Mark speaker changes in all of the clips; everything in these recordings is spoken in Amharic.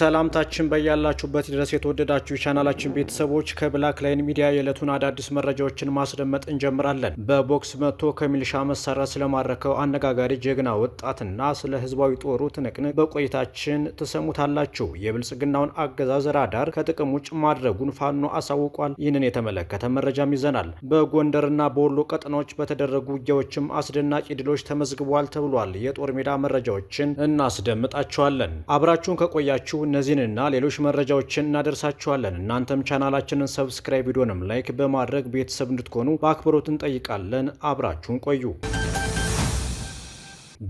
Speaker 1: ሰላምታችን በያላችሁበት ድረስ የተወደዳችሁ የቻናላችን ቤተሰቦች ከብላክ ላይን ሚዲያ የዕለቱን አዳዲስ መረጃዎችን ማስደመጥ እንጀምራለን። በቦክስ መጥቶ ከሚሊሻ መሳሪያ ስለማረከው አነጋጋሪ ጀግና ወጣትና ስለ ህዝባዊ ጦሩ ትንቅንቅ በቆይታችን ትሰሙታላችሁ። የብልጽግናውን አገዛዝ ራዳር ከጥቅም ውጭ ማድረጉን ፋኖ አሳውቋል። ይህንን የተመለከተ መረጃም ይዘናል። በጎንደርና በወሎ ቀጠናዎች በተደረጉ ውጊያዎችም አስደናቂ ድሎች ተመዝግቧል ተብሏል። የጦር ሜዳ መረጃዎችን እናስደምጣችኋለን። አብራችሁን ከቆያችሁ እነዚህንና ሌሎች መረጃዎችን እናደርሳችኋለን። እናንተም ቻናላችንን ሰብስክራይብ፣ ቪዲዮንም ላይክ በማድረግ ቤተሰብ እንድትሆኑ በአክብሮት እንጠይቃለን። አብራችሁን ቆዩ።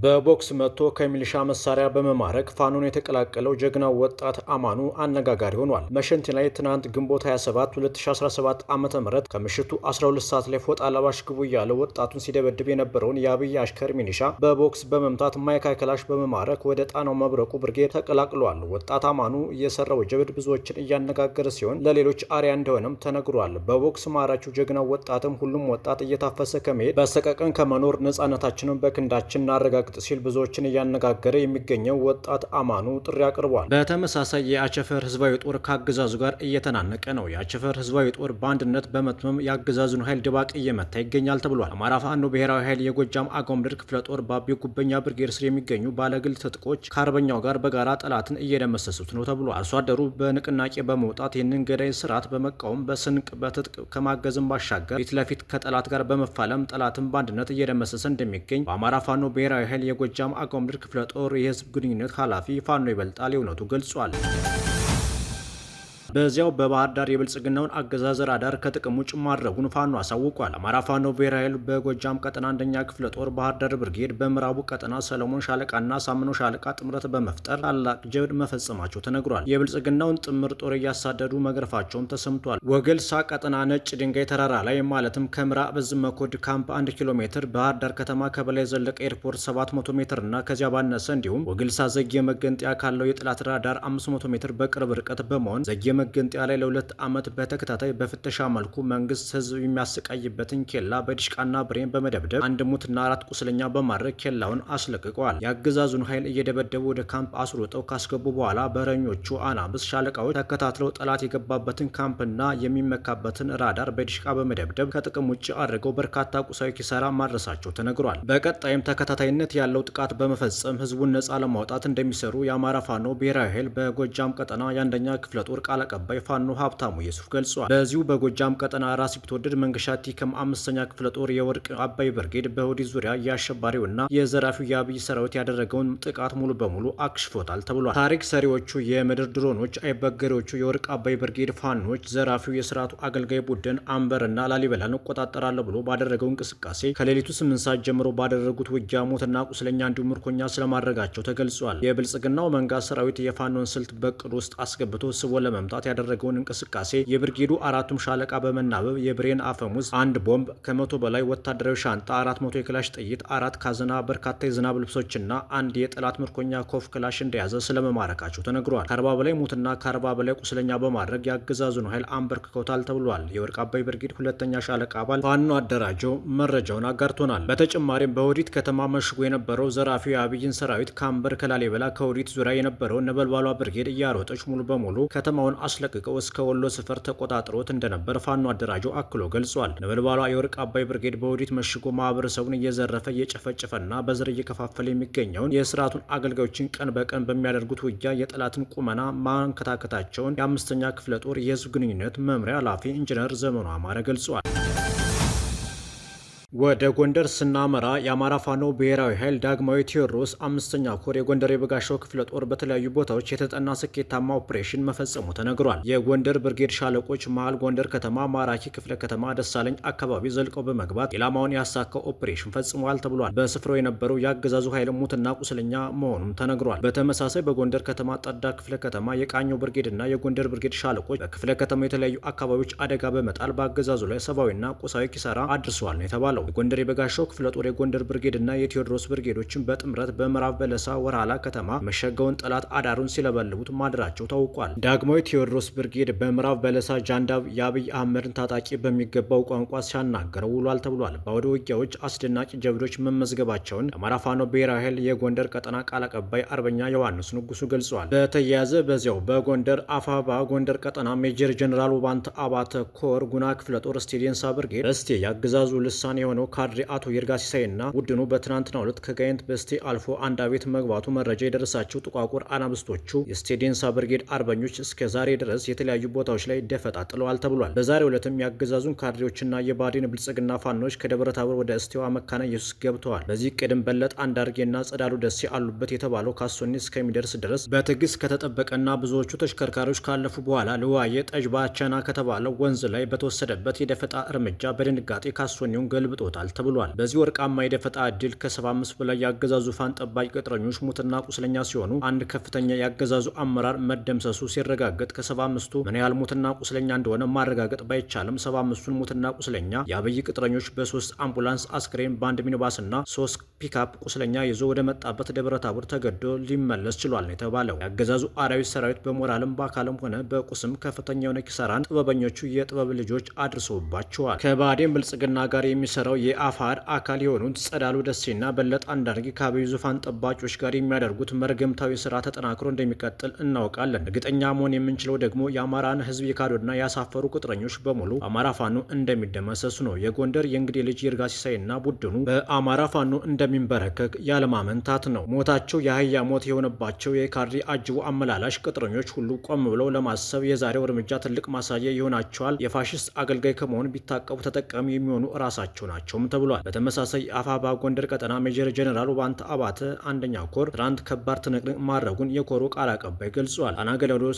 Speaker 1: በቦክስ መጥቶ ከሚሊሻ መሳሪያ በመማረክ ፋኖን የተቀላቀለው ጀግናው ወጣት አማኑ አነጋጋሪ ሆኗል። መሸንቲ ላይ ትናንት ግንቦት 27 2017 ዓ ም ከምሽቱ 12 ሰዓት ላይ ፎጣ ለባሽ ግቡ እያለ ወጣቱን ሲደበድብ የነበረውን የአብይ አሽከር ሚሊሻ በቦክስ በመምታት ማይካከላሽ በመማረክ ወደ ጣናው መብረቁ ብርጌድ ተቀላቅሏል። ወጣት አማኑ እየሰራው ጀብድ ብዙዎችን እያነጋገረ ሲሆን ለሌሎች አሪያ እንደሆነም ተነግሯል። በቦክስ ማራችው ጀግናው ወጣትም ሁሉም ወጣት እየታፈሰ ከመሄድ በሰቀቀን ከመኖር ነጻነታችንን በክንዳችን እናረጋ ያረጋግጥ ሲል ብዙዎችን እያነጋገረ የሚገኘው ወጣት አማኑ ጥሪ አቅርቧል። በተመሳሳይ የአቸፈር ህዝባዊ ጦር ከአገዛዙ ጋር እየተናነቀ ነው። የአቸፈር ህዝባዊ ጦር በአንድነት በመትመም የአገዛዙን ኃይል ድባቅ እየመታ ይገኛል ተብሏል። አማራ ፋኖ ብሔራዊ ኃይል የጎጃም አገው ክፍለ ጦር ባቢ ጉበኛ ብርጌድ ስር የሚገኙ ባለግል ትጥቆች ከአርበኛው ጋር በጋራ ጠላትን እየደመሰሱት ነው ተብሏል። አርሶ አደሩ በንቅናቄ በመውጣት ይህንን ገዳይ ስርዓት በመቃወም በስንቅ በትጥቅ ከማገዝም ባሻገር ፊት ለፊት ከጠላት ጋር በመፋለም ጠላትን በአንድነት እየደመሰሰ እንደሚገኝ በአማራ ፋኖ ብሔራዊ ኃይል የጎጃም አገው ምድር ክፍለ ጦር የህዝብ ግንኙነት ኃላፊ ፋኖ ይበልጣል የእውነቱ ገልጿል። በዚያው በባህር ዳር የብልጽግናውን አገዛዘር ራዳር ከጥቅም ውጭ ማድረጉን ፋኖ አሳውቋል። አማራ ፋኖ ብሔራዊ ኃይል በጎጃም ቀጠና አንደኛ ክፍለ ጦር ባህር ዳር ብርጌድ በምዕራቡ ቀጠና ሰለሞን ሻለቃና ሳምኖ ሻለቃ ጥምረት በመፍጠር ታላቅ ጀብድ መፈጸማቸው ተነግሯል። የብልጽግናውን ጥምር ጦር እያሳደዱ መግረፋቸውን ተሰምቷል። ወገልሳ ቀጠና ነጭ ድንጋይ ተራራ ላይ ማለትም ከምዕራብ በዝ መኮድ ካምፕ 1 ኪሎ ሜትር ባህር ዳር ከተማ ከበላይ ዘለቀ ኤርፖርት 700 ሜትር እና ከዚያ ባነሰ እንዲሁም ወገልሳ ዘጌ መገንጠያ ካለው የጥላት ራዳር 500 ሜትር በቅርብ ርቀት በመሆን ዘጌ መገንጠያ ላይ ለሁለት ዓመት በተከታታይ በፍተሻ መልኩ መንግስት ህዝብ የሚያሰቃይበትን ኬላ በዲሽቃና ብሬን በመደብደብ አንድ ሙትና አራት ቁስለኛ በማድረግ ኬላውን አስለቅቀዋል። የአገዛዙን ኃይል እየደበደቡ ወደ ካምፕ አስሮጠው ካስገቡ በኋላ በረኞቹ አናብስ ሻለቃዎች ተከታትለው ጠላት የገባበትን ካምፕና የሚመካበትን ራዳር በዲሽቃ በመደብደብ ከጥቅም ውጭ አድርገው በርካታ ቁሳዊ ኪሳራ ማድረሳቸው ተነግሯል። በቀጣይም ተከታታይነት ያለው ጥቃት በመፈጸም ህዝቡን ነጻ ለማውጣት እንደሚሰሩ የአማራ ፋኖ ብሔራዊ ኃይል በጎጃም ቀጠና የአንደኛ ክፍለ ጦር ቃል አቀባይ ፋኖ ሀብታሙ የሱፍ ገልጿል። በዚሁ በጎጃም ቀጠና ራስ ቢትወደድ መንገሻቲ ከም አምስተኛ ክፍለ ጦር የወርቅ አባይ ብርጌድ በሁዲ ዙሪያ የአሸባሪውና የዘራፊው የአብይ ሰራዊት ያደረገውን ጥቃት ሙሉ በሙሉ አክሽፎታል ተብሏል። ታሪክ ሰሪዎቹ የምድር ድሮኖች፣ አይበገሬዎቹ የወርቅ አባይ ብርጌድ ፋኖች፣ ዘራፊው የስርዓቱ አገልጋይ ቡድን አንበርና ላሊበላን እቆጣጠራለሁ ብሎ ባደረገው እንቅስቃሴ ከሌሊቱ ስምንት ሰዓት ጀምሮ ባደረጉት ውጊያ ሞትና ቁስለኛ እንዲሁም ምርኮኛ ስለማድረጋቸው ተገልጿል። የብልጽግናው መንጋ ሰራዊት የፋኖን ስልት በቅድ ውስጥ አስገብቶ ስቦ ለመምታት ለማውጣት ያደረገውን እንቅስቃሴ የብርጌዱ አራቱም ሻለቃ በመናበብ የብሬን አፈሙዝ፣ አንድ ቦምብ፣ ከመቶ በላይ ወታደራዊ ሻንጣ፣ አራት መቶ የክላሽ ጥይት፣ አራት ካዝና፣ በርካታ የዝናብ ልብሶችና አንድ የጠላት ምርኮኛ ኮፍ ክላሽ እንደያዘ ስለመማረካቸው ተነግሯል። ከአርባ በላይ ሙትና ከአርባ በላይ ቁስለኛ በማድረግ የአገዛዙን ኃይል አንበርክከውታል ተብሏል። የወርቅ አባይ ብርጌድ ሁለተኛ ሻለቃ አባል ፋኖ አደራጀው መረጃውን አጋርቶናል። በተጨማሪም በወዲት ከተማ መሽጎ የነበረው ዘራፊው የአብይን ሰራዊት ከአንበር ከላሊበላ ከወዲት ዙሪያ የነበረውን ነበልባሏ ብርጌድ እያሮጠች ሙሉ በሙሉ ከተማውን አስለቅቀው እስከ ወሎ ስፈር ተቆጣጥሮት እንደነበር ፋኖ አደራጆ አክሎ ገልጿል። ነበልባሏ የወርቅ አባይ ብርጌድ በወዲት መሽጎ ማህበረሰቡን እየዘረፈ እየጨፈጨፈና በዘር እየከፋፈለ የሚገኘውን የስርዓቱን አገልጋዮችን ቀን በቀን በሚያደርጉት ውጊያ የጠላትን ቁመና ማንከታከታቸውን የአምስተኛ ክፍለ ጦር የህዝብ ግንኙነት መምሪያ ኃላፊ ኢንጂነር ዘመኑ አማረ ገልጿል። ወደ ጎንደር ስናመራ የአማራ ፋኖ ብሔራዊ ኃይል ዳግማዊ ቴዎድሮስ አምስተኛ ኮር የጎንደር የበጋሻው ክፍለ ጦር በተለያዩ ቦታዎች የተጠና ስኬታማ ኦፕሬሽን መፈጸሙ ተነግሯል። የጎንደር ብርጌድ ሻለቆች መሃል ጎንደር ከተማ ማራኪ ክፍለ ከተማ ደሳለኝ አካባቢ ዘልቀው በመግባት ኢላማውን ያሳካው ኦፕሬሽን ፈጽመዋል ተብሏል። በስፍራው የነበረው የአገዛዙ ኃይል ሙትና ቁስለኛ መሆኑም ተነግሯል። በተመሳሳይ በጎንደር ከተማ ጠዳ ክፍለ ከተማ የቃኘው ብርጌድና የጎንደር ብርጌድ ሻለቆች በክፍለ ከተማ የተለያዩ አካባቢዎች አደጋ በመጣል በአገዛዙ ላይ ሰብአዊና ቁሳዊ ኪሳራ አድርሰዋል ነው የተባለው። ነው። የጎንደር የበጋሻው ክፍለ ጦር የጎንደር ብርጌድና የቴዎድሮስ ብርጌዶችን በጥምረት በምዕራብ በለሳ ወራላ ከተማ መሸገውን ጠላት አዳሩን ሲለበልቡት ማድራቸው ታውቋል። ዳግሞ ቴዎድሮስ ብርጌድ በምዕራብ በለሳ ጃንዳብ የአብይ አህመድን ታጣቂ በሚገባው ቋንቋ ሲያናገረው ውሏል ተብሏል። በአውደ ውጊያዎች አስደናቂ ጀብዶች መመዝገባቸውን የአማራ ፋኖ ብሔራዊ ኃይል የጎንደር ቀጠና ቃል አቀባይ አርበኛ ዮሐንስ ንጉሱ ገልጿል። በተያያዘ በዚያው በጎንደር አፋባ ጎንደር ቀጠና ሜጀር ጀኔራል ውባንት አባተ ኮር ጉና ክፍለ ጦር ስቴዲየንሳ ብርጌድ እስቴ የአገዛዙ ልሳን የሆነው ካድሬ አቶ ይርጋ ሲሳይና ቡድኑ በትናንትናው ዕለት ከጋይንት በስቴ አልፎ አንድ አቤት መግባቱ መረጃ የደረሳቸው ጥቋቁር አናብስቶቹ የስቴዲንሳ ብርጌድ አርበኞች እስከ ዛሬ ድረስ የተለያዩ ቦታዎች ላይ ደፈጣ ጥለዋል ተብሏል። በዛሬው ዕለትም ያገዛዙን ካድሬዎችና የባዴን ብልጽግና ፋኖች ከደብረ ታቦር ወደ እስቴዋ መካነ ኢየሱስ ገብተዋል። በዚህ ቅድም በለጥ አንዳርጌና ጸዳሉ ደሴ አሉበት የተባለው ካሶኒ እስከሚደርስ ድረስ በትዕግስት ከተጠበቀና ብዙዎቹ ተሽከርካሪዎች ካለፉ በኋላ ልዋዬ ጠጅባቸና ከተባለው ወንዝ ላይ በተወሰደበት የደፈጣ እርምጃ በድንጋጤ ካሶኒውን ገልብጦ አስደንግጦታል ተብሏል። በዚህ ወርቃማ የደፈጣ እድል ከ75 በላይ የአገዛዙ ዙፋን ጠባቂ ቅጥረኞች ሙትና ቁስለኛ ሲሆኑ አንድ ከፍተኛ የአገዛዙ አመራር መደምሰሱ ሲረጋገጥ ከ75ቱ ምን ያህል ሙትና ቁስለኛ እንደሆነ ማረጋገጥ ባይቻልም 75ቱን ሙትና ቁስለኛ የአብይ ቅጥረኞች በሶስት አምቡላንስ አስክሬን በአንድ ሚኒባስና ሶስት ፒካፕ ቁስለኛ ይዞ ወደ መጣበት ደብረ ታቦር ተገዶ ሊመለስ ችሏል ነው የተባለው። የአገዛዙ አራዊት ሰራዊት በሞራልም በአካልም ሆነ በቁስም ከፍተኛ የሆነ ኪሳራን ጥበበኞቹ የጥበብ ልጆች አድርሰውባቸዋል። ከባዴን ብልጽግና ጋር የሚሰራው የነበረው የአፋር አካል የሆኑት ጸዳሉ ደሴና በለጠ አንዳርጌ ከአብይ ዙፋን ጠባቂዎች ጋር የሚያደርጉት መርገምታዊ ስራ ተጠናክሮ እንደሚቀጥል እናውቃለን። እርግጠኛ መሆን የምንችለው ደግሞ የአማራን ህዝብ የካዱና ያሳፈሩ ቁጥረኞች በሙሉ አማራ ፋኖ እንደሚደመሰሱ ነው። የጎንደር የእንግዲህ ልጅ ይርጋ ሲሳይና ቡድኑ በአማራ ፋኖ እንደሚንበረከክ ያለማመንታት ነው። ሞታቸው የአህያ ሞት የሆነባቸው የካድሬ አጅቡ አመላላሽ ቅጥረኞች ሁሉ ቆም ብለው ለማሰብ የዛሬው እርምጃ ትልቅ ማሳያ ይሆናቸዋል። የፋሽስት አገልጋይ ከመሆን ቢታቀቡ ተጠቃሚ የሚሆኑ እራሳቸው ናቸው። ናቸውም ተብሏል። በተመሳሳይ አፋባ ጎንደር ቀጠና ሜጀር ጀነራል ውባንተ አባተ አንደኛ ኮር ትናንት ከባድ ትንቅንቅ ማድረጉን የኮሩ ቃል አቀባይ ገልጿል። አና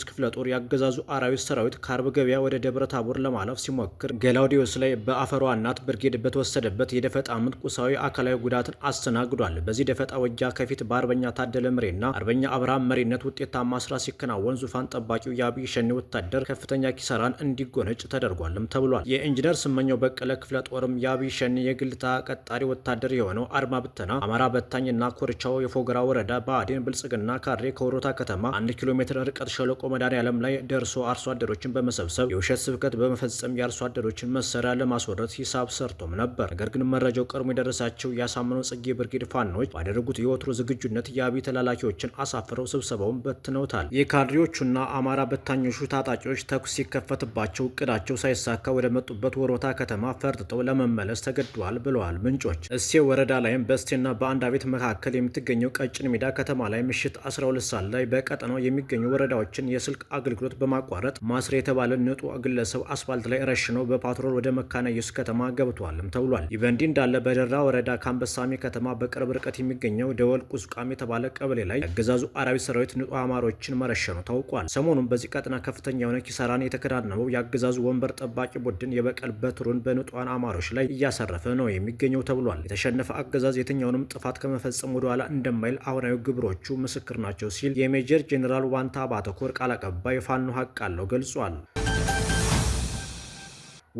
Speaker 1: ክፍለ ጦር ያገዛዙ አራዊት ሰራዊት ከአርብ ገበያ ወደ ደብረ ታቦር ለማለፍ ሲሞክር ገላውዲዮስ ላይ በአፈሯ እናት ብርጌድ በተወሰደበት የደፈጣ ምት ቁሳዊ አካላዊ ጉዳትን አስተናግዷል። በዚህ ደፈጣ ውጊያ ከፊት በአርበኛ ታደለ ምሬና አርበኛ አብርሃም መሪነት ውጤታማ ስራ ሲከናወን ዙፋን ጠባቂው የአብይ ሸኔ ወታደር ከፍተኛ ኪሰራን እንዲጎነጭ ተደርጓልም ተብሏል። የኢንጂነር ስመኘው በቀለ ክፍለ ጦርም የአብይ ሸኔ የሸኔ የግል ተቀጣሪ ወታደር የሆነው አርማ ብተና አማራ በታኝና ኮርቻው የፎገራ ወረዳ በአዴን ብልጽግና ካድሬ ከወሮታ ከተማ አንድ ኪሎ ሜትር ርቀት ሸለቆ ዓለም ላይ ደርሶ አርሶ አደሮችን በመሰብሰብ የውሸት ስብከት በመፈጸም የአርሶ አደሮችን መሳሪያ ለማስወረት ሂሳብ ሰርቶም ነበር። ነገር ግን መረጃው ቀድሞ የደረሳቸው ያሳምነው ጽጌ ብርጌድ ፋኖች ባደረጉት የወትሮ ዝግጁነት የአብይ ተላላኪዎችን አሳፍረው ስብሰባውን በትነውታል። የካድሬዎቹና አማራ በታኞቹ ታጣቂዎች ተኩስ ሲከፈትባቸው እቅዳቸው ሳይሳካ ወደ መጡበት ወሮታ ከተማ ፈርጥጠው ለመመለስ ተገ አስገድዷል ብለዋል ምንጮች። እሴ ወረዳ ላይም በእስቴና በአንድ አቤት መካከል የምትገኘው ቀጭን ሜዳ ከተማ ላይ ምሽት 12 ሰዓት ላይ በቀጠናው የሚገኙ ወረዳዎችን የስልክ አገልግሎት በማቋረጥ ማስሬ የተባለ ንጡ ግለሰብ አስፋልት ላይ ረሽኖ በፓትሮል ወደ መካነ ኢየሱስ ከተማ ገብቷልም ተብሏል። ይህ በእንዲህ እንዳለ በደራ ወረዳ ከአንበሳሜ ከተማ በቅርብ ርቀት የሚገኘው ደወል ቁስቋም የተባለ ቀበሌ ላይ የአገዛዙ አራዊት ሰራዊት ንጡ አማሮችን መረሸኑ ታውቋል። ሰሞኑን በዚህ ቀጠና ከፍተኛ የሆነ ኪሳራን የተከናነበው የአገዛዙ ወንበር ጠባቂ ቡድን የበቀል በትሩን በንጡን አማሮች ላይ እያሳ እያሰረፈ ነው የሚገኘው ተብሏል። የተሸነፈ አገዛዝ የትኛውንም ጥፋት ከመፈጸም ወደኋላ እንደማይል አሁናዊ ግብሮቹ ምስክር ናቸው ሲል የሜጀር ጄኔራል ዋንታ ባተኮር ቃል አቀባይ ፋኖ ሀቅ አለው ገልጿል።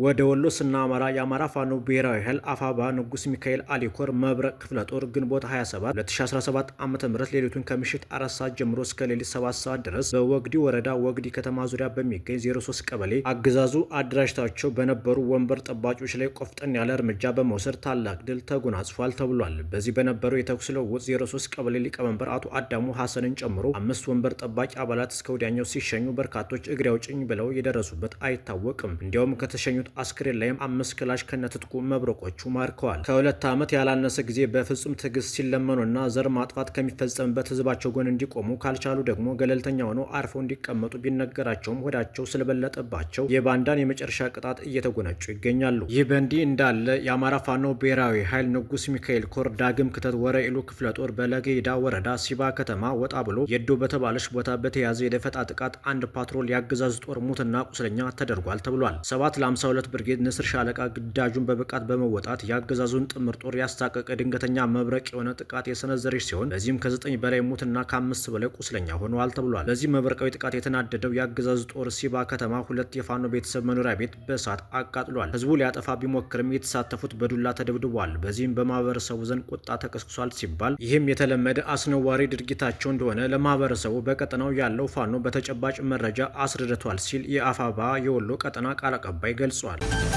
Speaker 1: ወደ ወሎ ስናመራ የአማራ ፋኖ ብሔራዊ ኃይል አፋባ ንጉስ ሚካኤል አሊኮር መብረቅ ክፍለ ጦር ግንቦት 27 2017 ዓ ም ሌሊቱን ከምሽት አራት ሰዓት ጀምሮ እስከ ሌሊት 7 ሰዓት ድረስ በወግዲ ወረዳ ወግዲ ከተማ ዙሪያ በሚገኝ 03 ቀበሌ አገዛዙ አደራጅታቸው በነበሩ ወንበር ጠባቂዎች ላይ ቆፍጠን ያለ እርምጃ በመውሰድ ታላቅ ድል ተጎናጽፏል ተብሏል። በዚህ በነበረው የተኩስ ልውውጥ 03 ቀበሌ ሊቀመንበር አቶ አዳሙ ሐሰንን ጨምሮ አምስት ወንበር ጠባቂ አባላት እስከ ወዲያኛው ሲሸኙ፣ በርካቶች እግሬ አውጭኝ ብለው የደረሱበት አይታወቅም። እንዲያውም ከተሸኙ የተገኙት አስክሬን ላይም አምስት ክላሽ ከነትጥቁ መብረቆቹ ማርከዋል። ከሁለት ዓመት ያላነሰ ጊዜ በፍጹም ትዕግስት ሲለመኑና ዘር ማጥፋት ከሚፈጸምበት ህዝባቸው ጎን እንዲቆሙ ካልቻሉ ደግሞ ገለልተኛ ሆነው አርፈው እንዲቀመጡ ቢነገራቸውም ሆዳቸው ስለበለጠባቸው የባንዳን የመጨረሻ ቅጣት እየተጎነጩ ይገኛሉ። ይህ በእንዲህ እንዳለ የአማራ ፋኖ ብሔራዊ ኃይል ንጉስ ሚካኤል ኮር ዳግም ክተት ወረኢሉ ክፍለ ጦር በለገይዳ ወረዳ ሲባ ከተማ ወጣ ብሎ የዶ በተባለች ቦታ በተያዘ የደፈጣ ጥቃት አንድ ፓትሮል ያገዛዙ ጦር ሙትና ቁስለኛ ተደርጓል ተብሏል። ሰባት ለ52 52 ብርጌድ ንስር ሻለቃ ግዳጁን በብቃት በመወጣት የአገዛዙን ጥምር ጦር ያስታቀቀ ድንገተኛ መብረቅ የሆነ ጥቃት የሰነዘረች ሲሆን በዚህም ከ9 በላይ ሙትና ከአምስት በላይ ቁስለኛ ሆነዋል ተብሏል። በዚህ መብረቃዊ ጥቃት የተናደደው የአገዛዙ ጦር ሲባ ከተማ ሁለት የፋኖ ቤተሰብ መኖሪያ ቤት በእሳት አቃጥሏል። ህዝቡ ሊያጠፋ ቢሞክርም የተሳተፉት በዱላ ተደብድቧል። በዚህም በማህበረሰቡ ዘንድ ቁጣ ተቀስቅሷል ሲባል ይህም የተለመደ አስነዋሪ ድርጊታቸው እንደሆነ ለማህበረሰቡ በቀጠናው ያለው ፋኖ በተጨባጭ መረጃ አስረድቷል ሲል የአፋባ የወሎ ቀጠና ቃል አቀባይ ገልጿል። ገልጿል።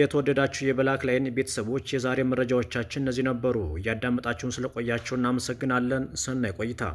Speaker 1: የተወደዳችሁ የብላክ ላይን ቤተሰቦች የዛሬ መረጃዎቻችን እነዚህ ነበሩ። እያዳመጣችሁን ስለቆያችሁ እናመሰግናለን። ሰናይ ቆይታ